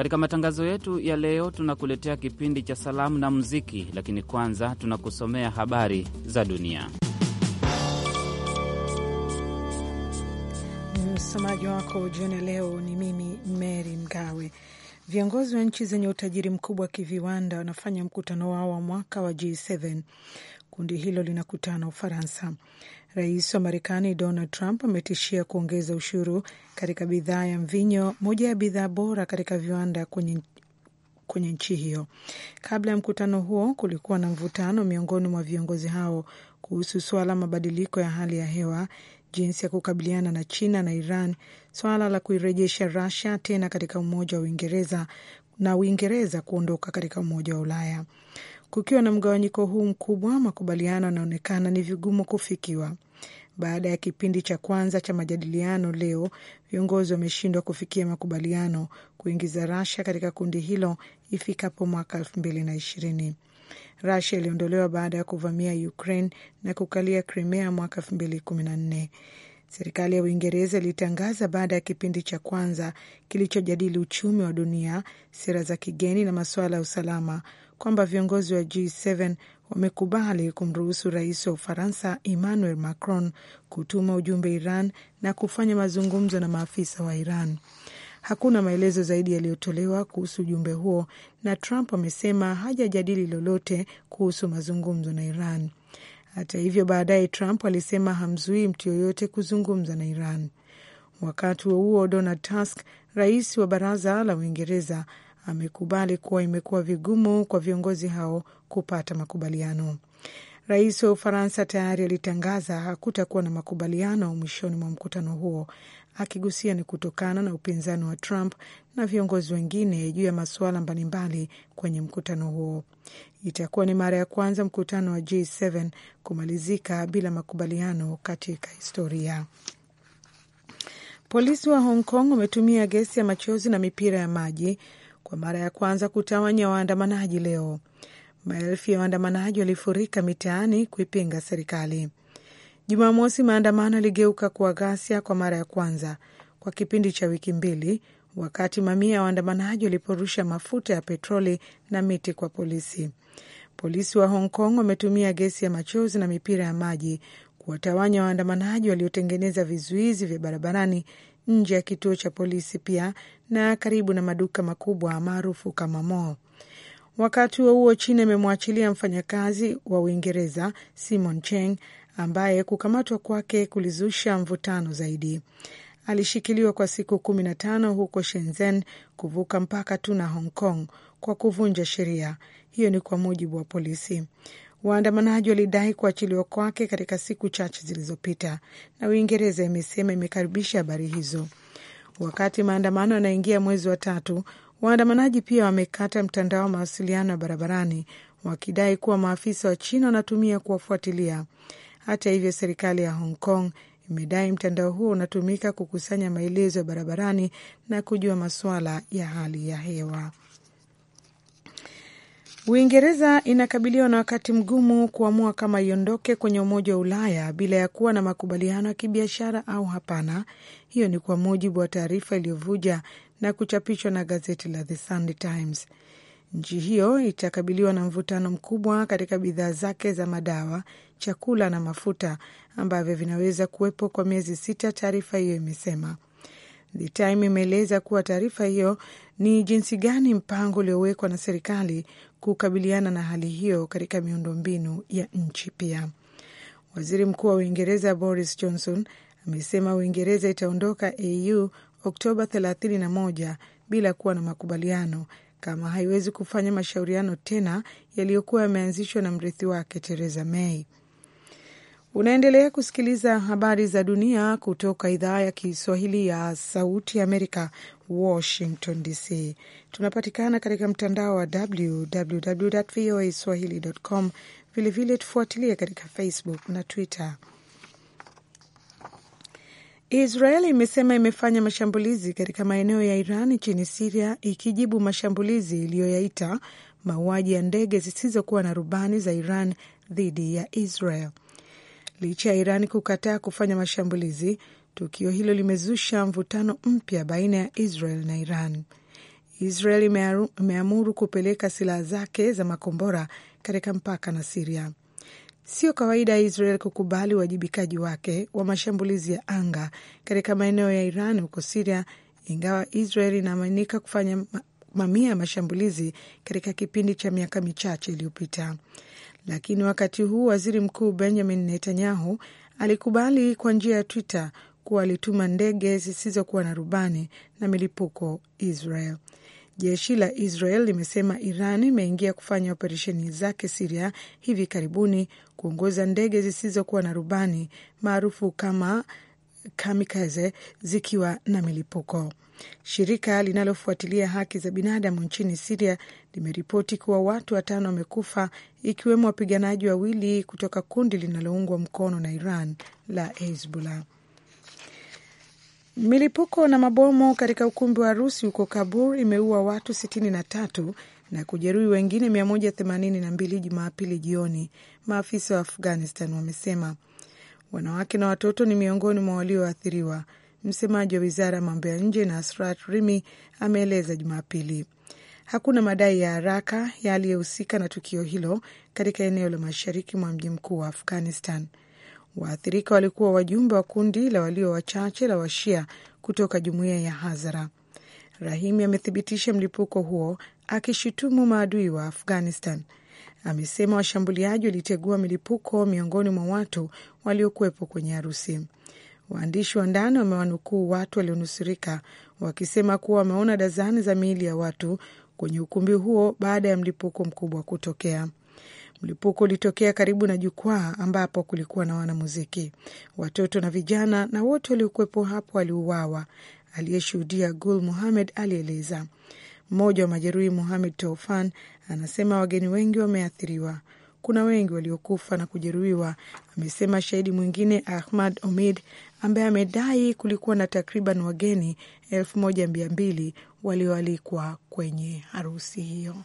Katika matangazo yetu ya leo, tunakuletea kipindi cha salamu na muziki, lakini kwanza tunakusomea habari za dunia. Msomaji wako jioni leo ni mimi Mary Mgawe. Viongozi wa nchi zenye utajiri mkubwa wa kiviwanda wanafanya mkutano wao wa mwaka wa G7. Kundi hilo linakutana Ufaransa. Rais wa Marekani Donald Trump ametishia kuongeza ushuru katika bidhaa ya mvinyo, moja ya bidhaa bora katika viwanda kwenye kwenye nchi hiyo. Kabla ya mkutano huo, kulikuwa na mvutano miongoni mwa viongozi hao kuhusu swala mabadiliko ya hali ya hewa, jinsi ya kukabiliana na China na Iran, swala la kuirejesha Russia tena katika Umoja wa Uingereza na Uingereza kuondoka katika Umoja wa Ulaya. Kukiwa na mgawanyiko huu mkubwa, makubaliano yanaonekana ni vigumu kufikiwa. Baada ya kipindi cha kwanza cha majadiliano leo, viongozi wameshindwa kufikia makubaliano kuingiza Rasha katika kundi hilo ifikapo mwaka elfu mbili na ishirini. Rasia iliondolewa baada ya kuvamia Ukraine na kukalia Crimea mwaka elfu mbili kumi na nne. Serikali ya Uingereza ilitangaza baada ya kipindi cha kwanza kilichojadili uchumi wa dunia, sera za kigeni na masuala ya usalama kwamba viongozi wa G7 wamekubali kumruhusu rais wa Ufaransa Emmanuel Macron kutuma ujumbe Iran na kufanya mazungumzo na maafisa wa Iran. Hakuna maelezo zaidi yaliyotolewa kuhusu ujumbe huo, na Trump amesema hajajadili lolote kuhusu mazungumzo na Iran. Hata hivyo, baadaye Trump alisema hamzuii mtu yoyote kuzungumza na Iran. Wakati huo huo, Donald Tusk, rais wa baraza la Uingereza, amekubali kuwa imekuwa vigumu kwa viongozi hao kupata makubaliano. Rais wa Ufaransa tayari alitangaza hakutakuwa na makubaliano mwishoni mwa mkutano huo, akigusia ni kutokana na upinzani wa Trump na viongozi wengine juu ya masuala mbalimbali kwenye mkutano huo. Itakuwa ni mara ya kwanza mkutano wa G7 kumalizika bila makubaliano katika historia. Polisi wa Hong Kong wametumia gesi ya machozi na mipira ya maji kwa mara ya kwanza kutawanya waandamanaji leo. Maelfu ya waandamanaji walifurika mitaani kuipinga serikali. Jumamosi, maandamano yaligeuka kuwa ghasia kwa mara ya kwanza kwa kipindi cha wiki mbili, wakati mamia ya waandamanaji waliporusha mafuta ya petroli na miti kwa polisi. Polisi wa Hong Kong wametumia gesi ya machozi na mipira ya maji kuwatawanya waandamanaji waliotengeneza vizuizi vya barabarani nje ya kituo cha polisi pia na karibu na maduka makubwa maarufu kama mall. Wakati huo huo, China imemwachilia mfanyakazi wa Uingereza Simon Cheng ambaye kukamatwa kwake kulizusha mvutano zaidi. Alishikiliwa kwa siku kumi na tano huko Shenzhen kuvuka mpaka tu na Hong Kong kwa kuvunja sheria. Hiyo ni kwa mujibu wa polisi. Waandamanaji walidai kuachiliwa kwake katika siku chache zilizopita, na Uingereza imesema imekaribisha habari hizo. Wakati maandamano yanaingia mwezi wa tatu, waandamanaji pia wamekata mtandao wa mawasiliano ya barabarani wakidai kuwa maafisa wa China wanatumia kuwafuatilia. Hata hivyo, serikali ya Hong Kong imedai mtandao huo unatumika kukusanya maelezo ya barabarani na kujua masuala ya hali ya hewa. Uingereza inakabiliwa na wakati mgumu kuamua kama iondoke kwenye Umoja wa Ulaya bila ya kuwa na makubaliano ya kibiashara au hapana. Hiyo ni kwa mujibu wa taarifa iliyovuja na kuchapishwa na gazeti la The Sunday Times. Nchi hiyo itakabiliwa na mvutano mkubwa katika bidhaa zake za madawa, chakula na mafuta ambavyo vinaweza kuwepo kwa miezi sita, taarifa hiyo imesema. The Time imeeleza kuwa taarifa hiyo ni jinsi gani mpango uliowekwa na serikali kukabiliana na hali hiyo katika miundombinu ya nchi. Pia waziri mkuu wa Uingereza Boris Johnson amesema Uingereza itaondoka EU Oktoba 31 bila kuwa na makubaliano kama haiwezi kufanya mashauriano tena yaliyokuwa yameanzishwa na mrithi wake Theresa May. Unaendelea kusikiliza habari za dunia kutoka idhaa ya Kiswahili ya Sauti Amerika, Washington DC. Tunapatikana katika mtandao wa www voa swahili.com. Vilevile tufuatilie katika Facebook na Twitter. Israel imesema imefanya mashambulizi katika maeneo ya Iran nchini Siria, ikijibu mashambulizi iliyoyaita mauaji ya ndege zisizokuwa na rubani za Iran dhidi ya Israel licha ya Iran kukataa kufanya mashambulizi. Tukio hilo limezusha mvutano mpya baina ya Israel na Iran. Israel imeamuru kupeleka silaha zake za makombora katika mpaka na Siria. Sio kawaida ya Israel kukubali uwajibikaji wake wa mashambulizi ya anga katika maeneo ya Iran huko Siria, ingawa Israel inaaminika kufanya mamia ya mashambulizi katika kipindi cha miaka michache iliyopita. Lakini wakati huu waziri mkuu Benjamin Netanyahu alikubali kwa njia ya Twitter kuwa alituma ndege zisizokuwa na rubani na milipuko Israel. Jeshi la Israel limesema Iran imeingia kufanya operesheni zake Siria hivi karibuni kuongoza ndege zisizokuwa na rubani maarufu kama kamikaze zikiwa na milipuko. Shirika linalofuatilia haki za binadamu nchini Siria limeripoti kuwa watu watano wamekufa ikiwemo wapiganaji wawili kutoka kundi linaloungwa mkono na Iran la Hezbollah. Milipuko na mabomo katika ukumbi wa harusi huko Kabul imeua watu sitini na kujeruhi wengine mbili Jumapili jioni, maafisa wa Afghanistan wamesema. Wanawake na watoto ni miongoni mwa walioathiriwa. Msemaji wa wizara ya mambo ya nje Nasrat Rimi ameeleza Jumapili hakuna madai ya haraka yaliyohusika na tukio hilo katika eneo la mashariki mwa mji mkuu wa Afghanistan. Waathirika walikuwa wajumbe wa kundi la walio wachache la Washia kutoka jumuiya ya Hazara. Rahimi amethibitisha mlipuko huo akishutumu maadui wa Afghanistan. Amesema washambuliaji walitegua milipuko miongoni mwa watu waliokuwepo kwenye harusi. Waandishi wa ndani wamewanukuu watu walionusurika wakisema kuwa wameona dazani za miili ya watu kwenye ukumbi huo baada ya mlipuko mkubwa kutokea. Mlipuko ulitokea karibu na jukwaa ambapo kulikuwa na wanamuziki, watoto na vijana, na wote waliokuwepo hapo waliuawa, aliyeshuhudia Gul Muhamed alieleza. Mmoja wa majeruhi Muhamed Taufan anasema wageni wengi wameathiriwa, kuna wengi waliokufa na kujeruhiwa, amesema shahidi mwingine Ahmad Omid ambaye amedai kulikuwa na takriban wageni elfu moja mia mbili walioalikwa kwenye harusi hiyo.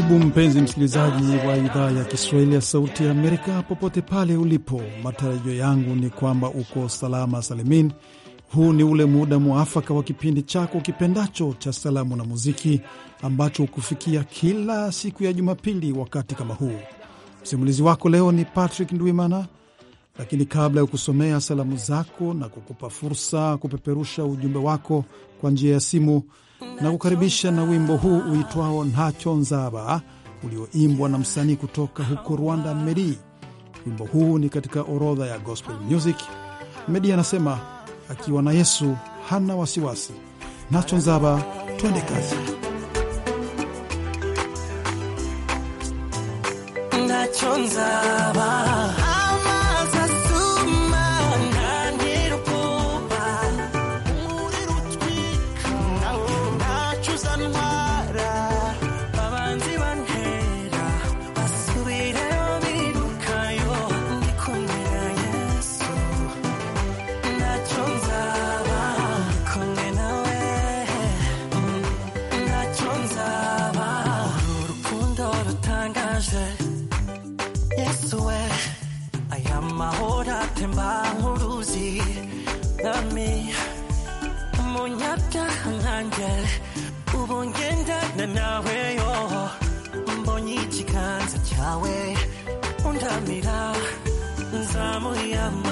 Karibu mpenzi msikilizaji wa idhaa ya Kiswahili ya Sauti ya Amerika, popote pale ulipo, matarajio yangu ni kwamba uko salama salimin. Huu ni ule muda mwafaka wa kipindi chako kipendacho cha salamu na muziki ambacho hukufikia kila siku ya Jumapili wakati kama huu. Msimulizi wako leo ni Patrick Ndwimana. Lakini kabla ya kusomea salamu zako na kukupa fursa kupeperusha ujumbe wako kwa njia ya simu na kukaribisha na wimbo huu uitwao Ntacho Nzaba ulioimbwa na msanii kutoka huko Rwanda, Medi. Wimbo huu ni katika orodha ya gospel music. Medi anasema akiwa na Yesu hana wasiwasi. Ntacho Nzaba, twende kazi. Ntacho Nzaba memory of my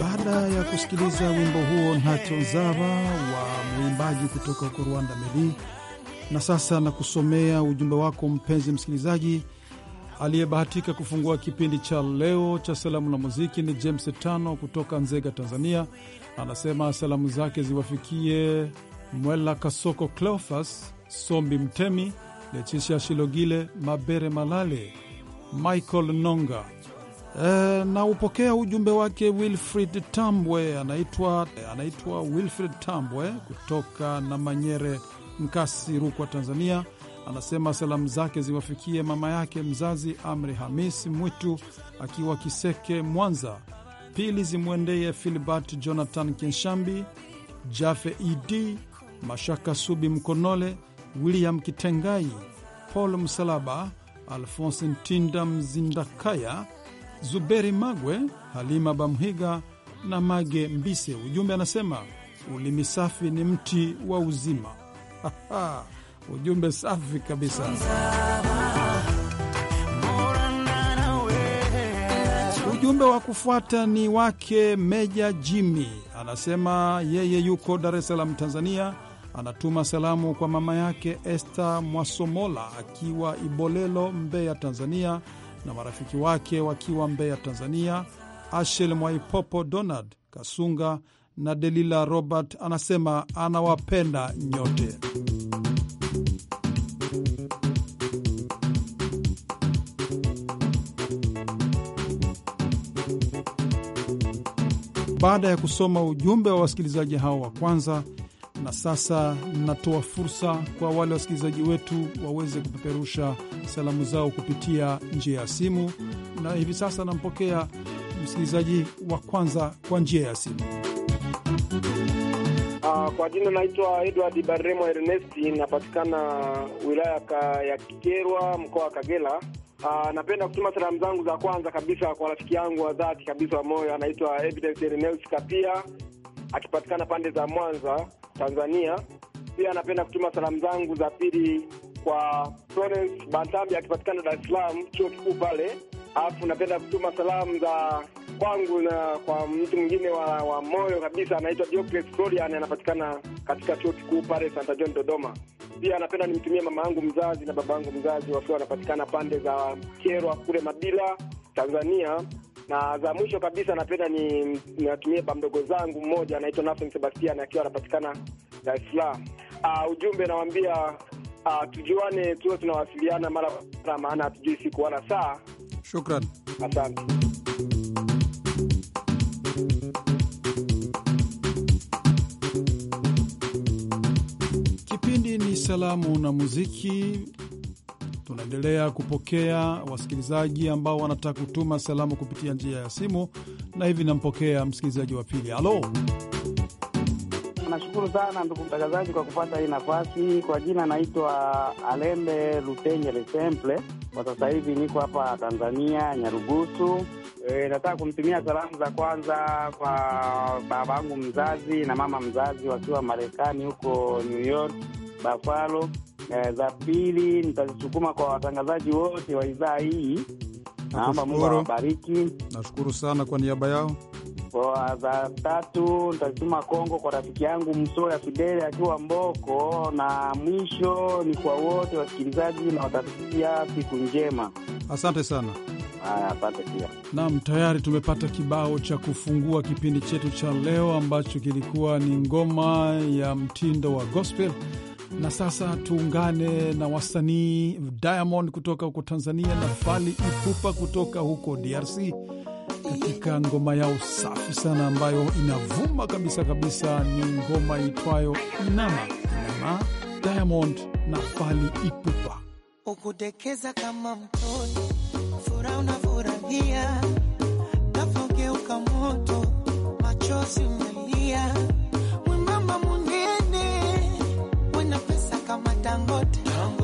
Baada ya kusikiliza wimbo huo Ntatonzaba wa mwimbaji kutoka huko Rwanda Meli, na sasa na kusomea ujumbe wako mpenzi msikilizaji. Aliyebahatika kufungua kipindi cha leo cha salamu na muziki ni James Tano kutoka Nzega, Tanzania. Anasema salamu zake ziwafikie Mwela Kasoko, Cleofas Sombi, Mtemi, Lechisha, Shilogile, Mabere Malale Michael Nonga. E, na upokea ujumbe wake Wilfrid Tambwe, anaitwa anaitwa Wilfrid Tambwe kutoka na Manyere Mkasi, Rukwa, Tanzania. Anasema salamu zake ziwafikie mama yake mzazi Amri Hamis Mwitu akiwa Kiseke, Mwanza. Pili zimwendee Filbert Jonathan Kinshambi, Jafe Ed Mashaka Subi Mkonole, William Kitengai, Paul Msalaba Alfonse Ntinda Mzindakaya, Zuberi Magwe, Halima Bamhiga na Mage Mbise. Ujumbe anasema ulimi safi ni mti wa uzima. Ujumbe safi kabisa. Ujumbe wa kufuata ni wake Meja Jimmy, anasema yeye yuko Dar es Salaam, Tanzania anatuma salamu kwa mama yake Esther Mwasomola akiwa Ibolelo, Mbeya, Tanzania, na marafiki wake wakiwa Mbeya, Tanzania, Ashel Mwaipopo, Donald Kasunga na Delila Robert. Anasema anawapenda nyote. Baada ya kusoma ujumbe wa wasikilizaji hao wa kwanza na sasa natoa fursa kwa wale wasikilizaji wetu waweze kupeperusha salamu zao kupitia njia ya simu, na hivi sasa nampokea msikilizaji wa kwanza kwa njia ya simu. Uh, kwa jina naitwa Edward Barremo Ernesti, napatikana wilaya ka, ya Kikerwa mkoa wa Kagera. Uh, napenda kutuma salamu zangu za kwanza kabisa kwa rafiki yangu wa dhati kabisa wa moyo anaitwa Evidence Ernest Kapia akipatikana pande za Mwanza. Tanzania. Pia napenda kutuma salamu zangu za pili kwa Florence Bantambi akipatikana Dar es Salaam chuo kikuu pale, alafu napenda kutuma salamu za kwangu na kwa mtu mwingine wa, wa moyo kabisa anaitwa Diocles Florian anapatikana katika chuo kikuu pale Santa John Dodoma. Pia napenda nimtumie mama yangu mzazi na baba yangu mzazi wakiwa wanapatikana pande za Kyerwa kule Mabila Tanzania. Na za mwisho kabisa napenda ni niwatumie ba mdogo zangu mmoja anaitwa Nathan Sebastian akiwa anapatikana Dar es Salaam. Uh, ujumbe nawambia uh, ah, tujuane, tuwe tunawasiliana mara na mara, maana hatujui siku wala saa. Shukran, asante. Kipindi ni salamu na muziki. Tunaendelea kupokea wasikilizaji ambao wanataka kutuma salamu kupitia njia ya simu, na hivi nampokea msikilizaji wa pili. Halo. Nashukuru sana ndugu mtangazaji kwa kupata hii nafasi. Kwa jina naitwa Alembe Lutenye Lesemple, kwa sasa hivi niko hapa Tanzania, Nyarugusu. E, nataka kumtumia salamu za kwanza kwa babangu mzazi na mama mzazi wakiwa Marekani huko New York Buffalo eh, za pili nitazisukuma kwa watangazaji wote wa idhaa hii. Naomba Mungu awabariki. Nashukuru sana kwa niaba yao. Kwa za tatu nitazituma Kongo kwa rafiki yangu Msoya Fideli akiwa Mboko, na mwisho ni kwa wote wasikilizaji na watafikia siku njema, asante sana. nam Naam, tayari tumepata kibao cha kufungua kipindi chetu cha leo ambacho kilikuwa ni ngoma ya mtindo wa gospel na sasa tuungane na wasanii Diamond kutoka huko Tanzania na fali Ipupa kutoka huko DRC katika ngoma yao safi sana ambayo inavuma kabisa kabisa, ni ngoma itwayo Inama. Inama, Diamond na fali Ipupa. Ukudekeza kama mtoto, fura unafurahia, gafla moto, machozi umelia Dangote. Dangote.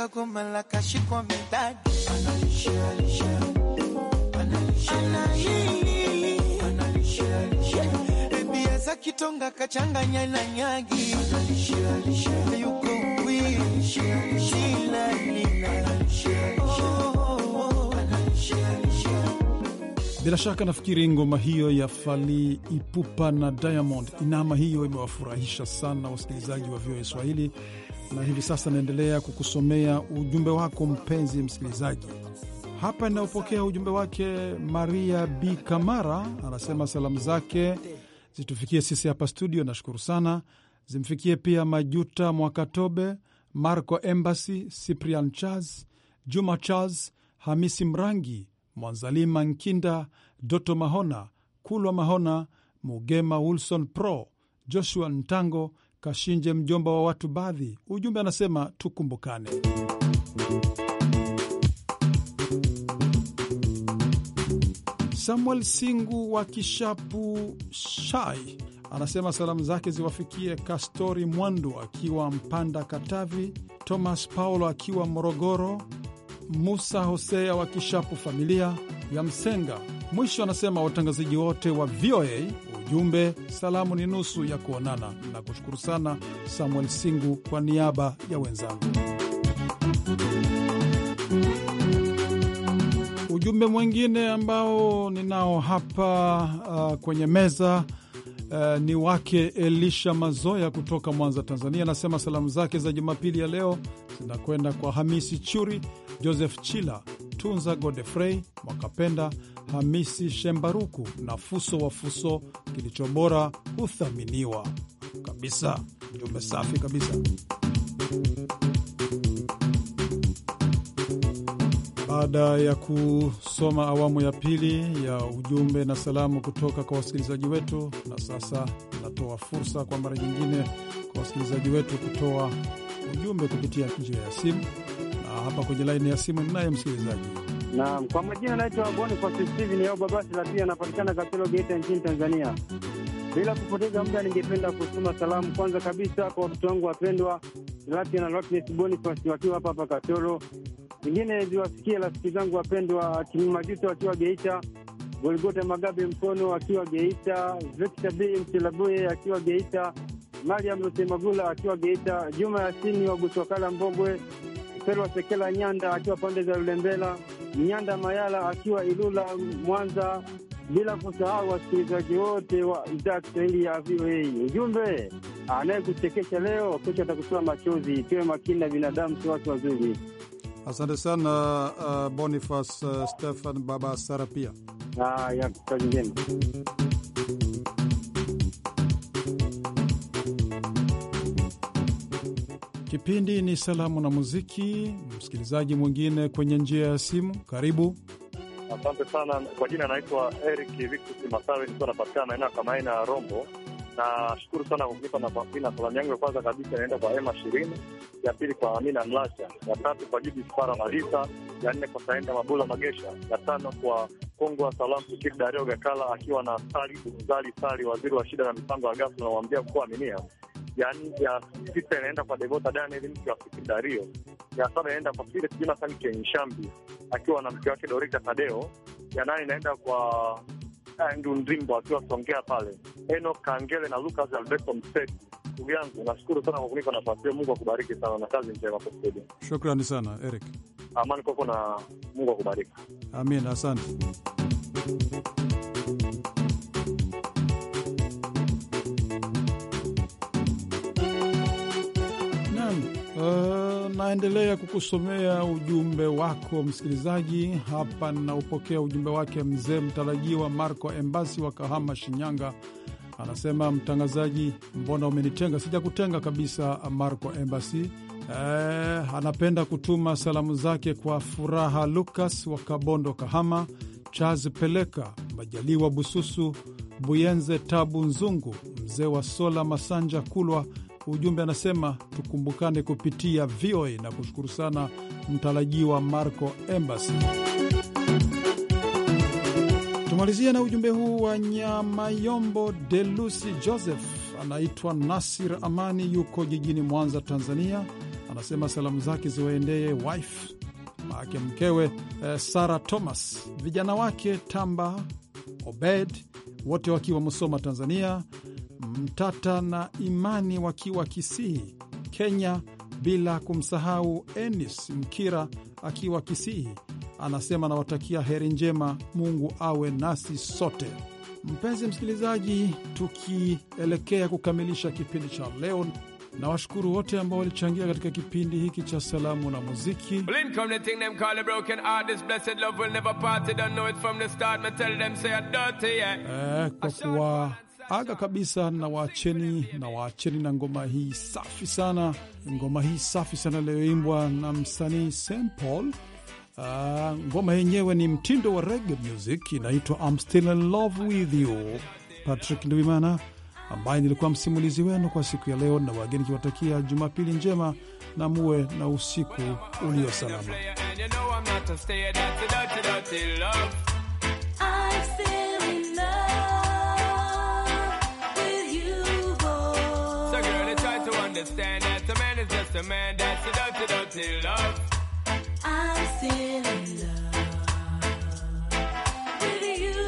Kagoma la kashikwa midadi za Kitonga kachanganya na Nyagi yuko bila shaka nafikiri ngoma hiyo ya fali Ipupa na Diamond Inama hiyo imewafurahisha sana wasikilizaji wa VOA Swahili na hivi sasa naendelea kukusomea ujumbe wako mpenzi msikilizaji. Hapa inayopokea ujumbe wake Maria B Kamara anasema salamu zake zitufikie sisi hapa studio, nashukuru sana. Zimfikie pia Majuta Mwakatobe, Marco Embassy, Cyprian Charles, Juma Charles, Hamisi Mrangi, Mwanzalima Nkinda, Doto Mahona, Kulwa Mahona, Mugema Wilson, Pro Joshua Ntango, Kashinje, mjomba wa watu baadhi. Ujumbe anasema tukumbukane. Samuel Singu wa Kishapu Shai anasema salamu zake ziwafikie Kastori Mwandu akiwa Mpanda, Katavi, Thomas Paulo akiwa Morogoro, Musa Hosea wa Kishapu familia ya Msenga. Mwisho anasema watangazaji wote wa VOA Jumbe salamu ni nusu ya kuonana. Nakushukuru sana Samuel Singu kwa niaba ya wenzangu. Ujumbe mwingine ambao ninao hapa uh, kwenye meza uh, ni wake Elisha Mazoya kutoka Mwanza, Tanzania. Anasema salamu zake za Jumapili ya leo zinakwenda kwa Hamisi Churi, Joseph Chila, Tunza Godefrey Mwakapenda, Hamisi Shembaruku na Fuso wa Fuso, kilicho bora huthaminiwa kabisa. Jumbe safi kabisa. Baada ya kusoma awamu ya pili ya ujumbe na salamu kutoka kwa wasikilizaji wetu, na sasa natoa fursa kwa mara nyingine kwa wasikilizaji wetu kutoa ujumbe kupitia njia ya simu, na hapa kwenye laini ya simu ninaye msikilizaji Naam, kwa majina naitwa Boni kwa ni Yoba basi la pia anapatikana Katoro Geita nchini Tanzania. Bila kupoteza muda, ningependa kutuma salamu kwanza kabisa kwa watoto wangu wapendwa Latia na Lockness Boniface wakiwa hapa hapa Katoro. Zingine ziwasikie rafiki zangu wapendwa Majuto akiwa Geita, Golgota Magabe Mkono akiwa Geita, Victor B Mtilabuye akiwa Geita, Mariam Lutemagula akiwa Geita, Juma Yasini wa Buswakala Mbogwe, Selwa Sekela Nyanda akiwa pande za Lulembela, Mnyanda Mayala akiwa Ilula, Mwanza, bila kusahau wasikilizaji wote wa idhaa ya Kiswahili ya VOA. Ujumbe, anayekuchekesha leo, kesho atakutoa machozi. Tuwe makini na binadamu, si watu wazuri. Asante sana uh, Boniface uh, Stefan Baba Sarapia. Haya, kazi njema. Kipindi ni salamu na muziki. Msikilizaji mwingine kwenye njia ya simu, karibu. Asante sana kwa jina, anaitwa Eric Victus Masawe, nikiwa napatikana maeneo ya Kamaina ya Rombo. Nashukuru sana kwa kunipa nafasi, na salamu yangu ya kwanza kabisa inaenda kwa Ema Shirini, ya pili kwa Amina Mlasha, ya tatu kwa Jiji Spara Malisa, ya nne kwa Saenda Mabula Magesha, ya tano kwa Kongwa Salamu Fikiri Dario Gakala akiwa na Sali Bunzali Sali, waziri wa shida na mipango ya gafu, namwambia kuwa aminia yani ya sita inaenda kwa Devota Daniel, mke wa Fikiri Dario, ya saba inaenda kwa Philip Jonathan Kenshambi akiwa na mke wake Dorita Tadeo, ya nane inaenda kwa eh, Andrew Ndimbo akiwa Songea pale, Eno Kangele na Lucas Alberto Mseti. Ndugu yangu, nashukuru sana kwa kunipa nafasi hiyo. Mungu akubariki sana na kazi njema kwa studio. Shukrani sana Eric, amani kwako na Mungu akubariki. Amin, asante. Uh, naendelea kukusomea ujumbe wako msikilizaji. Hapa naupokea ujumbe wake mzee mtarajiwa Marco Embasi wa Kahama, Shinyanga. Anasema, mtangazaji, mbona umenitenga? Sijakutenga kabisa, Marco Embasi. Uh, anapenda kutuma salamu zake kwa Furaha Lukas wa Kabondo, Kahama, Charles Peleka Majaliwa Bususu, Buyenze Tabu Nzungu, mzee wa Sola Masanja Kulwa ujumbe anasema tukumbukane kupitia VOA na kushukuru sana mtarajiwa Marco Embassy. Tumalizia na ujumbe huu wa Nyamayombo Delusi Joseph, anaitwa Nasir Amani, yuko jijini Mwanza, Tanzania. Anasema salamu zake ziwaendee wife maake mkewe eh, Sara Thomas, vijana wake Tamba Obed, wote wakiwa Musoma, Tanzania, Mtata na Imani wakiwa Kisii, Kenya, bila kumsahau Enis Mkira akiwa Kisii. Anasema nawatakia heri njema, Mungu awe nasi sote. Mpenzi msikilizaji, tukielekea kukamilisha kipindi cha leo, na washukuru wote ambao walichangia katika kipindi hiki cha salamu na muziki. Eh, kwa kuwa aga kabisa na waacheni na waacheni na ngoma hii safi sana, ngoma hii safi sana iliyoimbwa na msanii St Paul. Uh, ngoma yenyewe ni mtindo wa reggae music, inaitwa I'm still in love with you. Patrick Ndwimana ambaye nilikuwa msimulizi wenu kwa siku ya leo, na wageni kiwatakia Jumapili njema na muwe na usiku ulio salama. understand that a man is just a man. That's a dirty, dirty love. I'm still in love with you.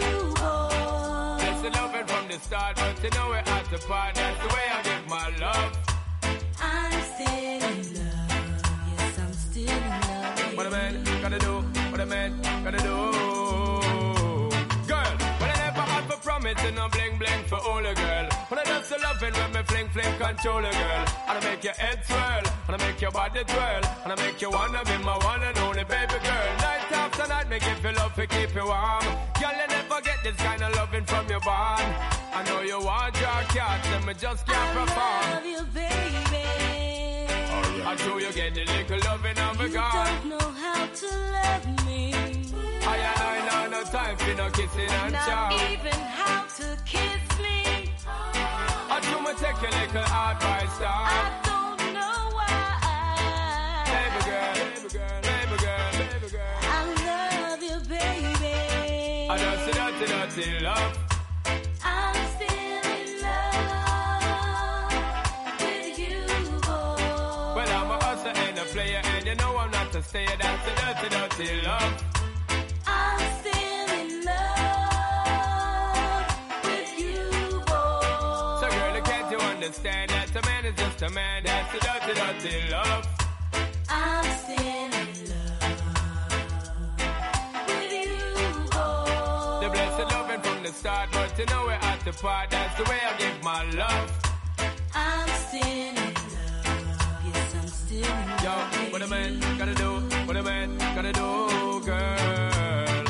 Oh. It's a loving from the start, but you know we're at the part. That's the way I give my love. I'm still in love. Yes, I'm still in love. What a man gotta do, what a man gotta do promise and no bling bling for all the girl. When I dance love it when me fling fling control a girl. And I make your head swirl, and I make your body twirl, and I make you wanna be my one and only baby girl. Night after night, make you feel love to keep you warm. Girl, you never get this kind of loving from your bond. I know you want your cat, and me just can't perform. I love you, baby. Right. Oh, I'm you get a little loving of a God. You don't know how to love me. I ain't no, no time for no kissing and chow. Not even to kiss me. I do my take a little advice, darling. I don't know why. Baby girl, baby girl, baby girl, baby girl. I love you, baby. I dirty, dirty, dirty love. I'm still in love with you, boy. Well, I'm a hustler and a player, and you know I'm not to stayer. That's a dirty, dirty love. a man, it's just a man. That's the dirty, dirty love. I'm still in love with you. Oh. The blessed loving from the start, but you know we're at the part. That's the way I give my love. I'm still in love. Yes, I'm still in love. Yo, what a man gotta do, what a man gotta do, girl.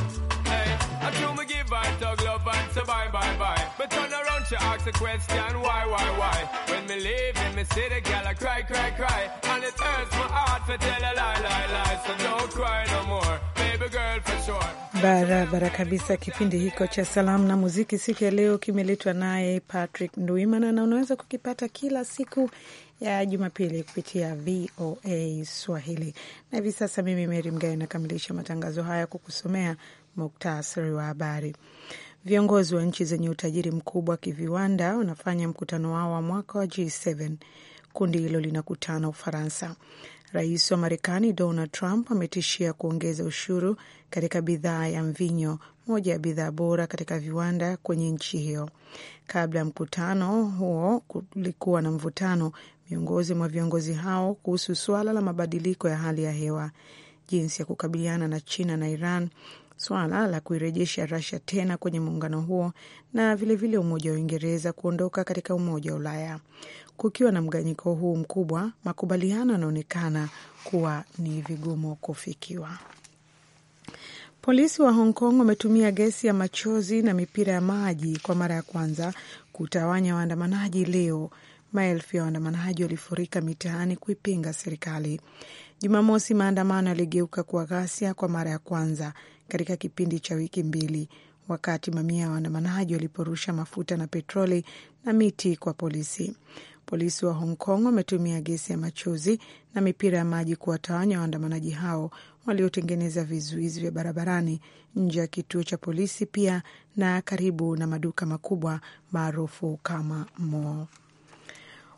Hey, I told me give I dog love and say bye, bye, bye. But turn around. she ask the question why, why, why? When me leave in me city, girl, I cry, cry, cry. And it hurts my heart to tell a lie, lie, lie. So don't cry no more, Barabara kabisa. Kipindi hiko cha salamu na muziki siku ya leo kimeletwa naye Patrick Nduimana, na unaweza kukipata kila siku ya Jumapili kupitia VOA Swahili. Na hivi sasa mimi Meri Mgawe nakamilisha matangazo haya kukusomea muktasari wa habari. Viongozi wa nchi zenye utajiri mkubwa wa kiviwanda wanafanya mkutano wao wa mwaka wa G7. Kundi hilo linakutana Ufaransa. Rais wa Marekani Donald Trump ametishia kuongeza ushuru katika bidhaa ya mvinyo, moja ya bidhaa bora katika viwanda kwenye nchi hiyo. Kabla ya mkutano huo, kulikuwa na mvutano miongoni mwa viongozi hao kuhusu suala la mabadiliko ya hali ya hewa, jinsi ya kukabiliana na China na Iran swala la kuirejesha rasia tena kwenye muungano huo na vilevile umoja wa Uingereza kuondoka katika umoja wa Ulaya. Kukiwa na mganyiko huu mkubwa, makubaliano yanaonekana kuwa ni vigumu kufikiwa. Polisi wa Hong Kong wametumia gesi ya machozi na mipira ya maji kwa mara ya kwanza kutawanya waandamanaji leo. Maelfu ya waandamanaji walifurika mitaani kuipinga serikali. Jumamosi, maandamano yaligeuka kuwa ghasia kwa mara ya kwanza katika kipindi cha wiki mbili, wakati mamia ya waandamanaji waliporusha mafuta na petroli na miti kwa polisi. Polisi wa Hong Kong wametumia gesi ya machozi na mipira ya maji kuwatawanya waandamanaji hao waliotengeneza vizuizi vya barabarani nje ya kituo cha polisi, pia na karibu na maduka makubwa maarufu kama mall.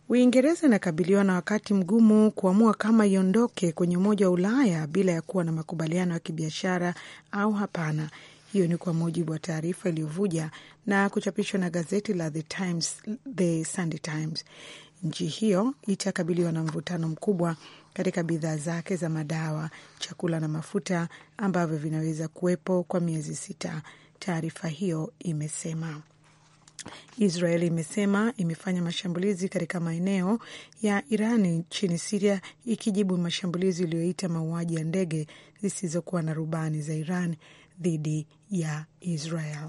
Uingereza inakabiliwa na wakati mgumu kuamua kama iondoke kwenye Umoja wa Ulaya bila ya kuwa na makubaliano ya kibiashara au hapana. Hiyo ni kwa mujibu wa taarifa iliyovuja na kuchapishwa na gazeti la The Times, The Sunday Times. Nchi hiyo itakabiliwa na mvutano mkubwa katika bidhaa zake za madawa, chakula na mafuta ambavyo vinaweza kuwepo kwa miezi sita, taarifa hiyo imesema. Israel imesema imefanya mashambulizi katika maeneo ya Irani nchini Siria, ikijibu mashambulizi iliyoita mauaji ya ndege zisizokuwa na rubani za Iran dhidi ya Israel.